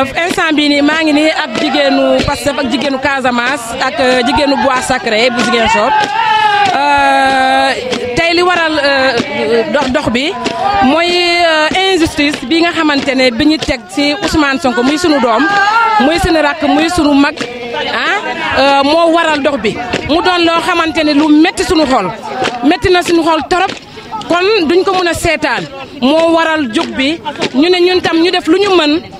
Euh, instant bii nii maa ngi nii ak jigéenu Pastef ak jigéenu Casamance ak euh, jigéenu Bois Sacré bu Ziguinchor euh, tey li waral dox dox bi mooy injustice bi nga xamante ne bi ñu teg ci Ousmane Sonko muy sunu doom muy sunu rakk muy sunu mag ah moo waral dox bi mu doon loo xamante ne lu métti sunu xol métti na sunu xol torop kon duñ ko mën a seetaan moo waral jóg bi ñu ne ñun tam ñu def lu ñu mën.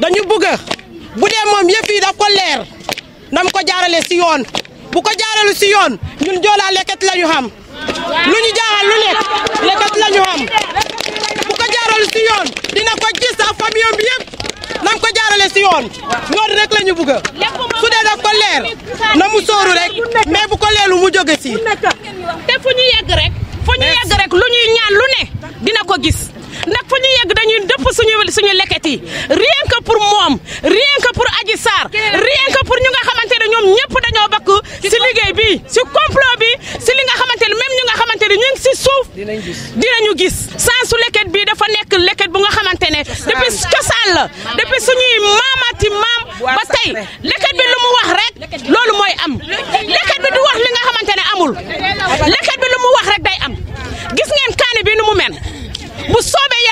dañu bëgg bu dee moom yëf yi daf ko leer nam ko jaarale si yoon bu ko jaaralu si yoon ñun joolaa lekkat la ñu xam lu ñu jaaxal lu nekk lekkat la ñu ko jaaralu si yoon dina ko gis ak famille bi yëpp ko jaarale si yoon rek la ñu bëgg su ko leer na mu sóoru rek mais bu leelu mu jóge te fu ñu yegg rek fu ñu yegg lu ne dina ko gis ndax fu ñu yegg dañuy dëpp suñu suñu lekk yi rien que pour moom rien que pour Adji Sarr rien que pour ñu nga xamante ne ñoom ñëpp dañoo bakk si liggéey bi si complot bi si li nga xamante ne même ñu nga xamante ne ñu si suuf dinañu gis sansu leket bi dafa nekk leket bu nga xamante ne depuis cosaan la depuis suñuy maamaati maam ba tey leket bi lu mu wax rek loolu mooy am leket bi du wax li nga xamante ne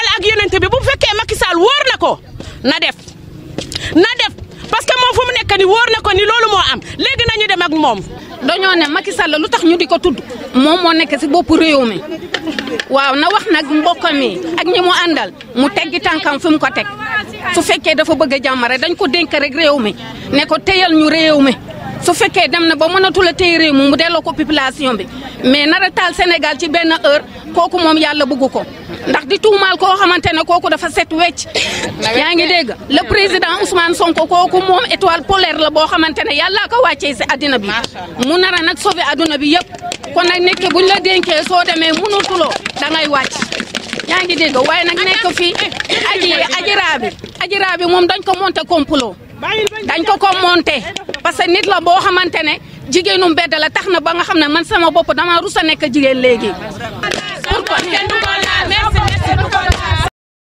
yàlla ak yonent bi bu fekkee Macky Sall wóor na ko na def na def parce que moom fu mu nekk ni wóor ko ni loolu moo am léegi nañu dem ak moom. dañoo ne Macky lu tax ñu di ko tudd moom moo nekk si boppu réew mi waaw na wax nag mbokkam yi ak ñi mu àndal mu teggi tànkam fi mu ko teg su fekkee dafa bëgg a jàmm dañ ko dénk réew mi ne ko téyal ñu réew mi. su fekkee dem na ba mënatul a téye réew mi mu delloo ko population bi mais nar a taal senegal ci benn heure kooku moom yàlla bëggu ko ndax di tuumaal koo xamante ne kooku dafa set wecc. yaa ngi dégg la président Ousmane Sonko kooku moom étoile polaire la boo xamante ne yàllaa ko wàccee si addina bi mu nar a nag sauver adduna bi yëpp kon nag nekk buñ la dénkee soo demee mënatuloo da ngay wàcc. yaa ngi dégg waaye nag nekk fii aji ajiraa bi ajiraa bi moom dañ ko monté complot dañ ko ko monté parce que nit la boo xamante ne jigéenu mbedd la tax na ba nga xam ne man sama bopp dama rus a nekk jigéen léegi